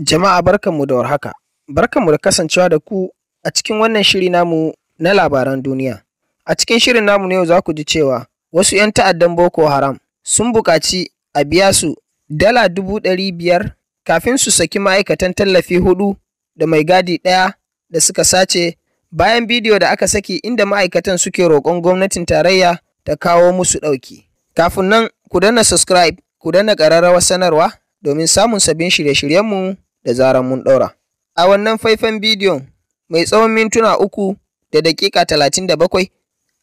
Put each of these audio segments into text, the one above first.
Jama'a barkanmu da warhaka, barkanmu da kasancewa da ku a cikin wannan shiri namu na labaran duniya. A cikin shirin namu ne yau za ku ji cewa wasu 'yan ta'addan Boko Haram sun buƙaci a biya su dala dubu ɗari biyar kafin su saki ma'aikatan tallafi hudu da mai gadi ɗaya da suka sace bayan bidiyo da aka saki inda ma'aikatan suke roƙon gwamnatin tarayya ta kawo musu ɗauki. Kafin nan ku dana subscribe, ku dana ƙararrawar sanarwa domin samun sabbin shirye-shiryenmu da zarar mun ɗaura. A wannan faifan bidiyon mai tsawon mintuna uku da daƙiƙa talatin da bakwai,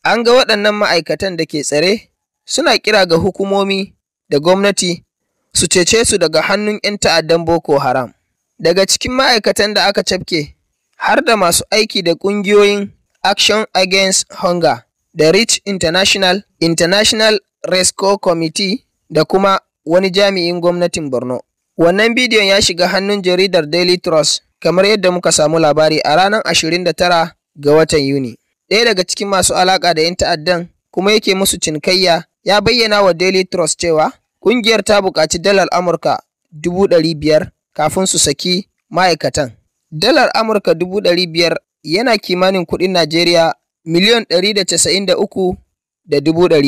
an ga waɗannan ma'aikatan da ke tsare suna kira ga hukumomi da gwamnati su cece su daga hannun 'yan ta'addan Boko Haram. Daga cikin ma'aikatan da aka cafke har da masu aiki da ƙungiyoyin Action Against Hunger da Rich International, International Rescue Committee da kuma wani jami'in gwamnatin Borno. Wannan bidiyon ya shiga hannun jaridar Daily Trust kamar yadda muka samu labari a ranar 29 ga watan Yuni. Ɗaya daga cikin masu alaƙa da 'yan ta'addan kuma yake musu cinikayya ya bayyana wa Daily Trust cewa ƙungiyar ta buƙaci dalar Amurka biyar kafin su saki ma'aikatan. Dalar Amurka biyar yana kimanin kuɗin Najeriya miliyon da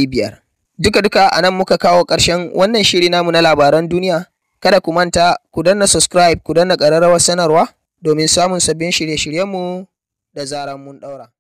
biyar. Duka-duka a nan muka kawo ƙarshen wannan shiri namu na labaran duniya. Kada ku manta ku danna subscribe ku danna ƙararrawar sanarwa domin samun sabbin shirye-shiryenmu da zarar mun ɗaura.